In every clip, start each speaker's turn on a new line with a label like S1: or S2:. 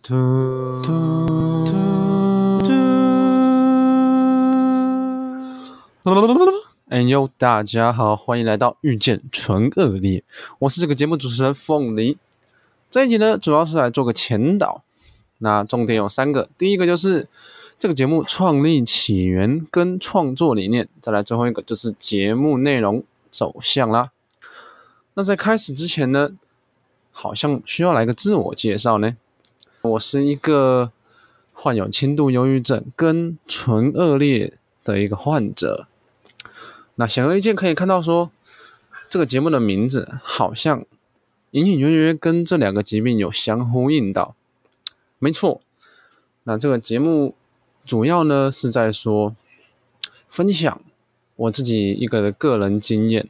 S1: 嘟嘟嘟嘟！哎呦，大家好，歡迎來到遇見純惡劣，我是這個節目主持人鳳梨。這一集呢，主要是來做個前導，那重點有三個，第一個就是這個節目創立起源跟創作理念，再來最後一個就是節目內容走向啦。那在開始之前呢，好像需要來個自我介紹呢。我是一個患有輕度憂鬱症跟唇顎裂的一個患者。那顯而易見，可以看到說，這個節目的名字好像隱隱約約跟這兩個疾病有相呼應到。沒錯，那這個節目主要呢是在說分享我自己一個的個人經驗，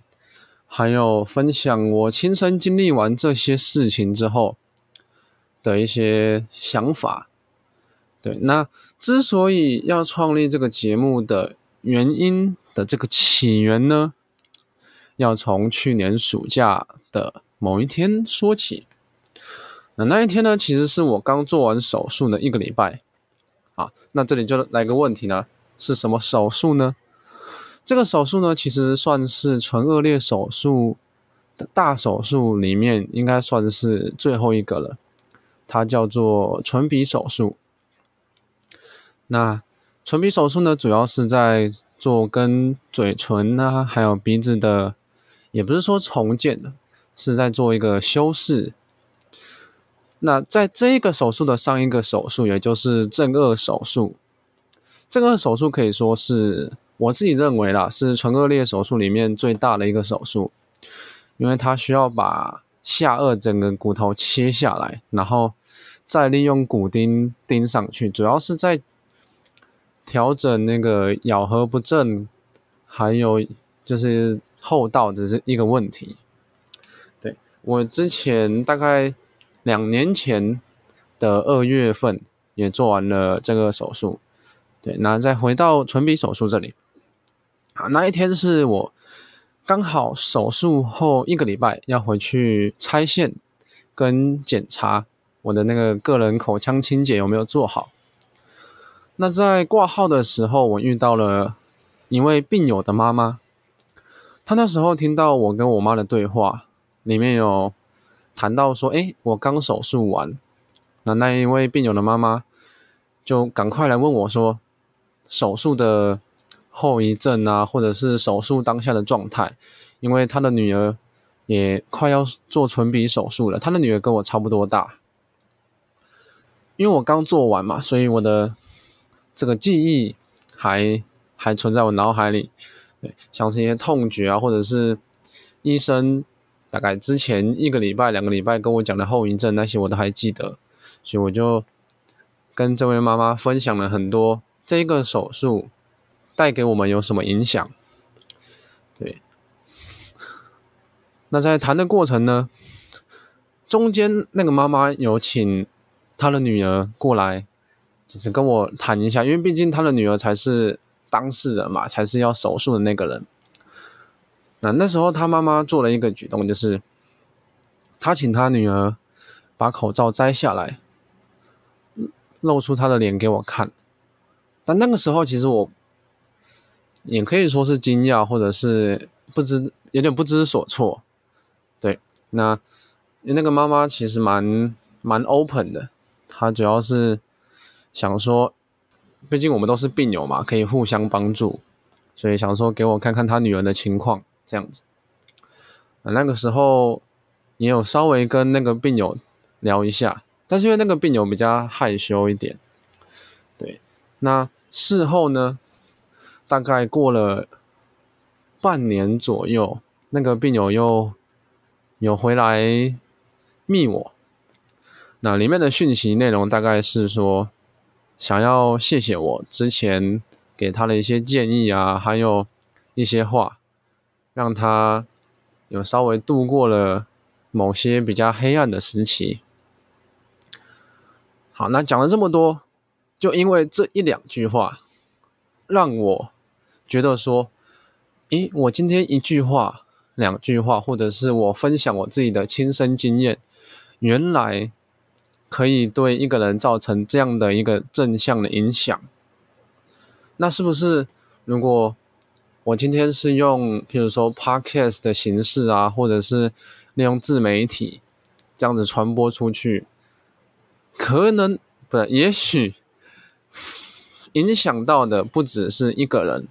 S1: 還有分享我親身經歷完這些事情之後。的一些想法，對，那之所以要創立這個節目的原因的這個起源呢，要從去年暑假的某一天說起。那那一天呢，其實是我剛做完手術的一個禮拜啊。那這裡就來個問題呢，是什麼手術呢？這個手術呢，其實算是唇顎裂手術的大手術裡面應該算是最後一個了。它叫做唇鼻手術。那唇鼻手術呢，主要是在做跟嘴唇呢、啊，還有鼻子的，也不是說重建，是在做一個修飾。那在這個手術的上一個手術，也就是正顎手術。正顎手術可以說是我自己認為啦，是唇腭裂手術裡面最大的一個手術，因為它需要把下顎整個骨頭切下來，然後。再利用骨釘釘上去，主要是在調整那個咬合不正，還有就是厚道只是一個問題。對，我之前大概兩年前的二月份也做完了這個手術。對，那再回到唇鼻手術這裡，那一天是我剛好手術後一個禮拜要回去拆線跟檢查。我的那個個人口腔清潔有沒有做好？那在掛號的時候，我遇到了一位病友的媽媽，她那時候聽到我跟我媽的對話，裡面有談到說：“哎，我剛手術完。”那那一位病友的媽媽就趕快來問我說，說手術的後遺症啊，或者是手術當下的狀態，因為他的女兒也快要做唇鼻手術了，他的女兒跟我差不多大。因為我剛做完嘛，所以我的這個記憶還還存在我腦海裡，對，像是一些痛覺啊，或者是醫生大概之前一個禮拜、兩個禮拜跟我講的後遺症那些，我都還記得。所以我就跟這位媽媽分享了很多這個手術帶給我們有什麼影響。對，那在談的過程呢，中間那個媽媽有請他的女兒過來，就是跟我談一下，因為畢竟他的女兒才是當事人嘛，才是要手術的那個人。那那時候，他媽媽做了一個舉動，就是他請他女兒把口罩摘下來，露出他的臉給我看。但那個時候，其實我也可以說是驚訝，或者是不知，有點不知所措。對，那因為那個媽媽其實蠻蠻 open 的。他主要是想說，畢竟我們都是病友嘛，可以互相幫助，所以想說給我看看他女兒的情況這樣子。那個時候也有稍微跟那個病友聊一下，但是因為那個病友比較害羞一點，對。那事後呢，大概過了半年左右，那個病友又有回來密我。那裡面的訊息內容大概是說，想要謝謝我之前給他的一些建議啊，還有一些話，讓他有稍微度過了某些比較黑暗的時期。好，那講了這麼多，就因為這一兩句話，讓我覺得說，咦，我今天一句話、兩句話，或者是我分享我自己的親身經驗，原來。可以對一個人造成這樣的一個正向的影響，那是不是如果我今天是用譬如說 podcast 的形式啊，或者是利用自媒體這樣子傳播出去，可能不，也許影響到的不只是一個人，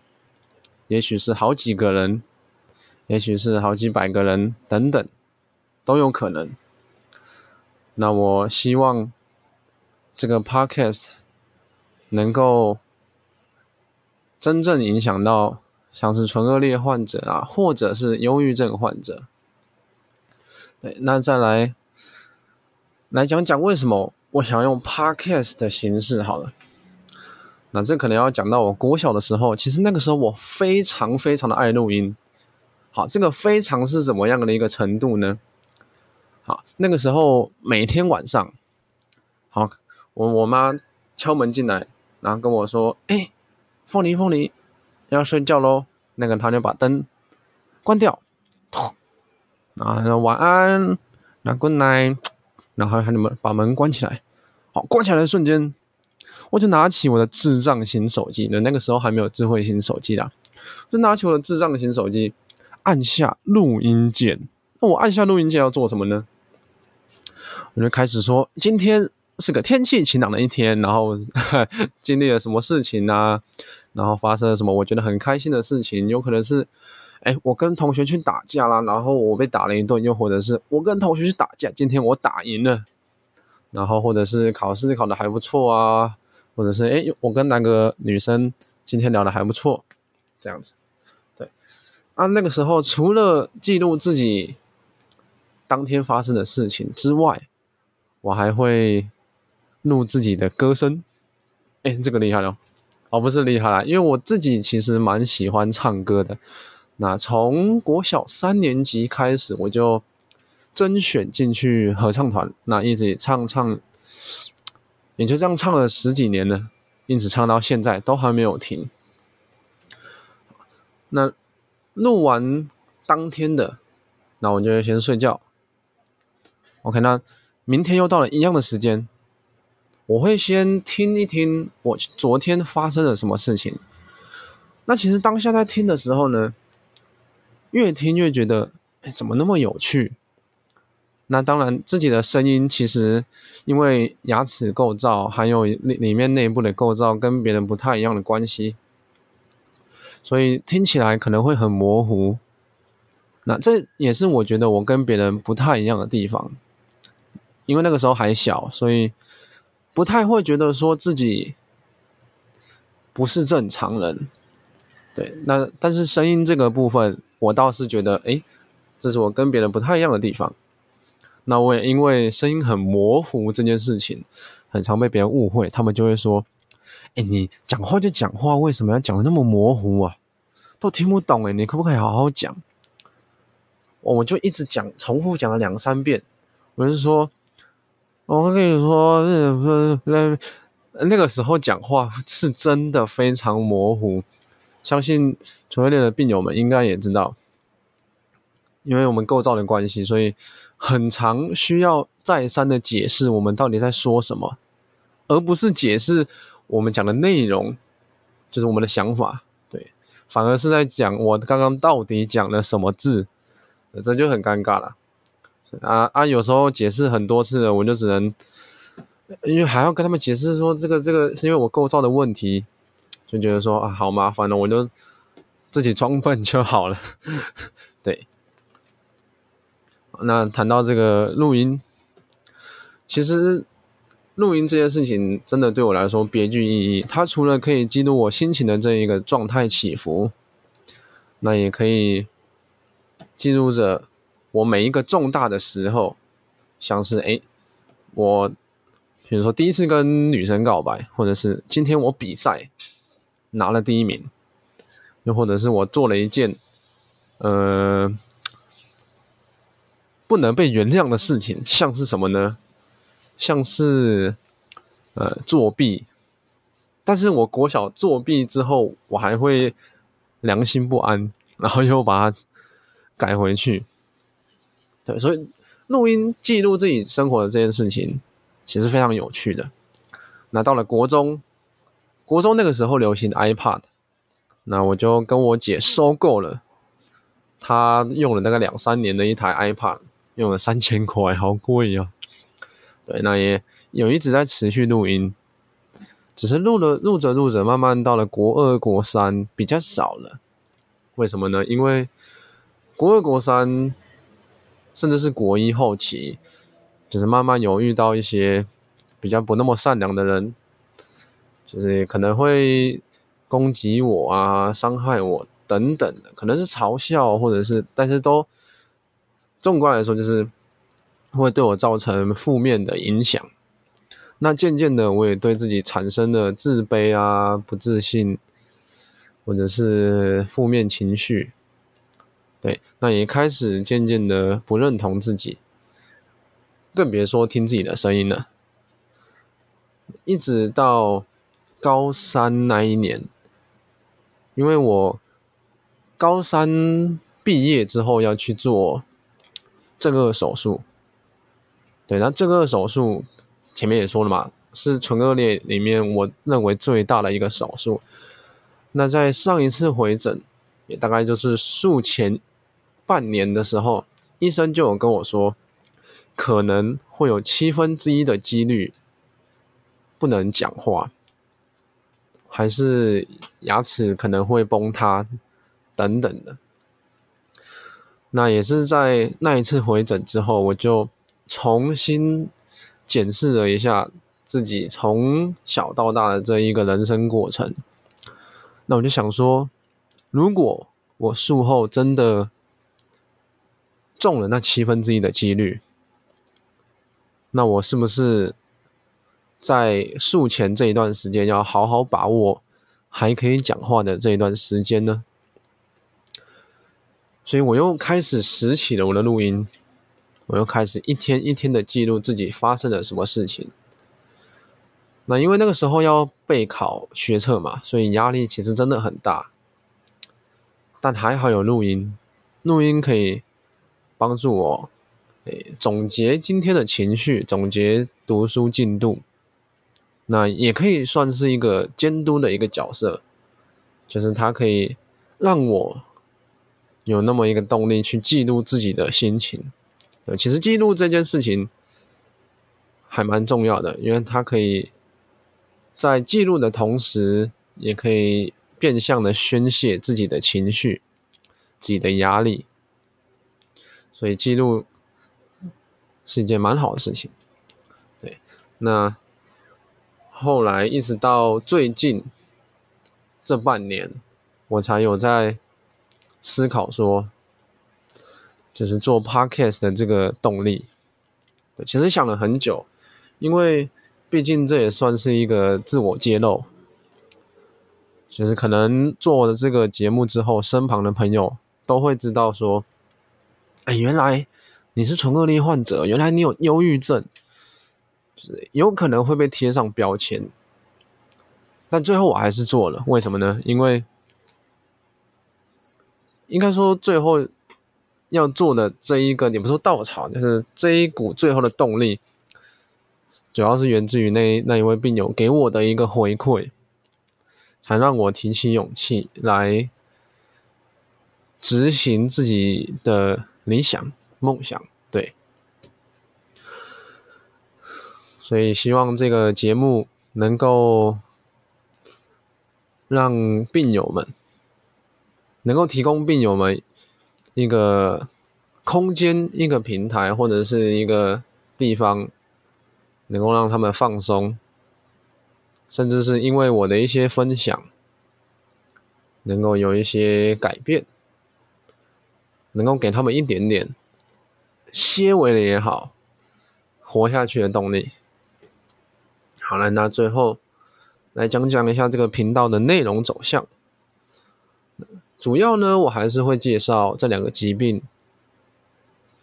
S1: 也許是好幾個人，也許是好幾百個人，等等，都有可能。那我希望這個 podcast 能夠真正影響到像是唇顎裂患者啊，或者是憂鬱症患者。對，那再來來講講為什麼我想用 podcast 的形式好了。那這可能要講到我國小的時候，其實那個時候我非常非常的愛錄音。好，這個非常是怎麼樣的一個程度呢？好，那個時候每天晚上，好，我我媽敲門進來，然後跟我說：“哎、欸，鳳梨鳳梨，要睡覺咯，那個她就把燈關掉，啊，晚安，good night，然後還喊你們把門關起來。好，關起來的瞬間，我就拿起我的智障型手機，那那個時候還沒有智慧型手機啦，就拿起我的智障型手機，按下錄音鍵。那我按下錄音鍵要做什麼呢？我就開始說，今天是個天氣晴朗的一天，然後 經歷了什麼事情呢、啊？然後發生了什麼？我覺得很開心的事情，有可能是，哎，我跟同學去打架啦，然後我被打了一頓，又或者是我跟同學去打架，今天我打贏了，然後或者是考試考得還不錯啊，或者是哎，我跟那個女生今天聊得還不錯，這樣子，對，啊，那個時候除了記錄自己。當天發生的事情之外，我還會錄自己的歌聲。哎，這個厲害了！哦，不是厲害了，因為我自己其實蠻喜歡唱歌的。那從國小三年級開始，我就甄選進去合唱團，那一直唱唱，也就這樣唱了十幾年了，因此唱到現在都還沒有停。那錄完當天的，那我就先睡覺。OK，那明天又到了一樣的時間，我會先聽一聽我昨天發生了什麼事情。那其實當下在聽的時候呢，越聽越覺得，哎，怎麼那麼有趣？那當然，自己的聲音其實因為牙齒構造還有裡裡面內部的構造跟別人不太一樣的關係，所以聽起來可能會很模糊。那這也是我覺得我跟別人不太一樣的地方。因為那個時候還小，所以不太會覺得說自己不是正常人。對，那但是聲音這個部分，我倒是覺得，誒，這是我跟別人不太一樣的地方。那我也因為聲音很模糊這件事情，很常被別人誤會。他們就會說：“誒，你講話就講話，為什麼要講的那麼模糊啊？都聽不懂誒，你可不可以好好講？”我就一直講，重複講了兩三遍，我就說。我跟你說，那個時候講話是真的非常模糊。相信唇腭裂的病友們應該也知道，因為我們構造的關係，所以很常需要再三的解釋我們到底在說什麼，而不是解釋我們講的內容，就是我們的想法，對，反而是在講我剛剛到底講了什麼字，這就很尷尬了。啊啊！有時候解釋很多次，我就只能，因為還要跟他們解釋說這個這個是因為我構造的問題，就覺得說啊好麻煩了，我就自己裝笨就好了。 對。那談到這個錄音，其實錄音這件事情真的對我來說別具意義。它除了可以記錄我心情的這一個狀態起伏，那也可以記錄着。我每一個重大的時候，像是哎，我比如說第一次跟女生告白，或者是今天我比賽拿了第一名，又或者是我做了一件呃不能被原諒的事情，像是什麼呢？像是呃作弊，但是我國小作弊之後，我還會良心不安，然後又把它改回去。對，所以錄音記錄自己生活的這件事情，其實非常有趣的。那到了國中，國中那個時候流行的 iPad，那我就跟我姐收購了，她用了大概兩三年的一台 iPad，用了三千塊，好貴呀、啊。對，那也有一直在持續錄音，只是錄了錄着錄着，慢慢到了國二國三比較少了。為什麼呢？因為國二國三。甚至是國一後期，就是慢慢有遇到一些比較不那麼善良的人，就是可能會攻擊我啊、傷害我等等的，可能是嘲笑或者是，但是都縱觀來說，就是會對我造成負面的影響。那漸漸的，我也對自己產生了自卑啊、不自信，或者是負面情緒。對，那也開始漸漸的不認同自己，更別說聽自己的聲音了。一直到高三那一年，因為我高三畢業之後要去做這個手術，對，那這個手術前面也說了嘛，是唇腭裂裡面我認為最大的一個手術。那在上一次回診，也大概就是術前。半年的時候，醫生就有跟我說，可能會有七分之一的幾率不能講話，還是牙齒可能會崩塌等等的。那也是在那一次回診之後，我就重新檢視了一下自己從小到大的這一個人生過程。那我就想說，如果我術後真的中了那七分之一的幾率，那我是不是在術前這一段時間要好好把握，還可以講話的這一段時間呢？所以我又開始拾起了我的錄音，我又開始一天一天的記錄自己發生了什麼事情。那因為那個時候要備考學測嘛，所以壓力其實真的很大，但還好有錄音，錄音可以。幫助我，哎，總結今天的情緒，總結讀書進度，那也可以算是一個監督的一個角色，就是他可以讓我有那麼一個動力去記錄自己的心情。呃，其實記錄這件事情還蠻重要的，因為它可以在記錄的同時，也可以變相的宣洩自己的情緒，自己的壓力。所以記錄是一件蠻好的事情，對。那後來一直到最近這半年，我才有在思考說，就是做 podcast 的這個動力。對，其實想了很久，因為畢竟這也算是一個自我揭露，就是可能做了這個節目之後，身旁的朋友都會知道說。哎，原來你是純惡劣患者，原來你有憂鬱症，有可能會被貼上標籤。但最後我還是做了，為什麼呢？因為應該說最後要做的這一個，也不是說稻草，就是這一股最後的動力，主要是源自於那一那一位病友給我的一個回饋，才讓我提起勇氣來執行自己的。理想、夢想，對，所以希望這個節目能夠讓病友們能夠提供病友們一個空間、一個平台或者是一個地方，能夠讓他們放鬆，甚至是因為我的一些分享，能夠有一些改變。能夠給他們一點點些微的也好，活下去的動力。好了，那最後來講講一下這個頻道的內容走向。主要呢，我還是會介紹這兩個疾病，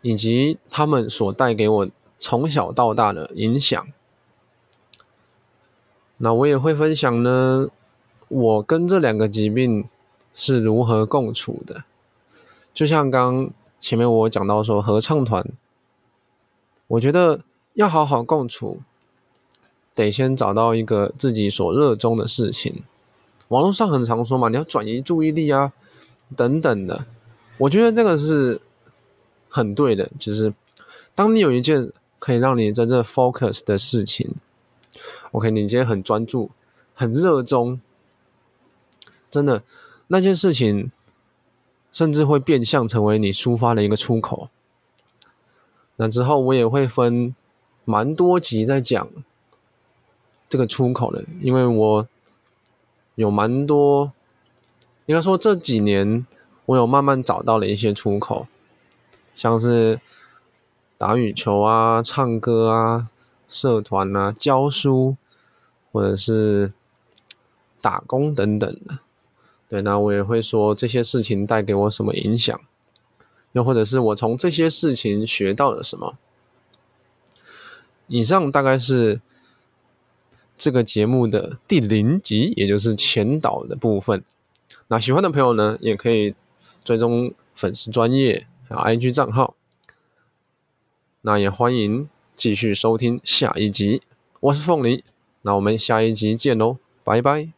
S1: 以及他們所帶給我從小到大的影響。那我也會分享呢，我跟這兩個疾病是如何共處的。就像剛前面我講到說合唱團，我覺得要好好共處，得先找到一個自己所熱衷的事情。網絡上很常說嘛，你要轉移注意力啊，等等的。我覺得這個是很對的，就是當你有一件可以讓你真正 focus 的事情，OK，你今天很專注、很熱衷，真的那件事情。甚至會變相成為你抒發的一個出口。那之後我也會分蠻多集在講這個出口的，因為我有蠻多，應該說這幾年我有慢慢找到了一些出口，像是打羽球啊、唱歌啊、社團啊、教書或者是打工等等的。對，那我也會說這些事情帶給我什麼影響，又或者是我從這些事情學到了什麼。以上大概是這個節目的第零集，也就是前導的部分。那喜歡的朋友呢，也可以追蹤粉絲專頁，還有 IG 賬號。那也歡迎繼續收聽下一集。我是鳳梨，那我們下一集見嘍，拜拜。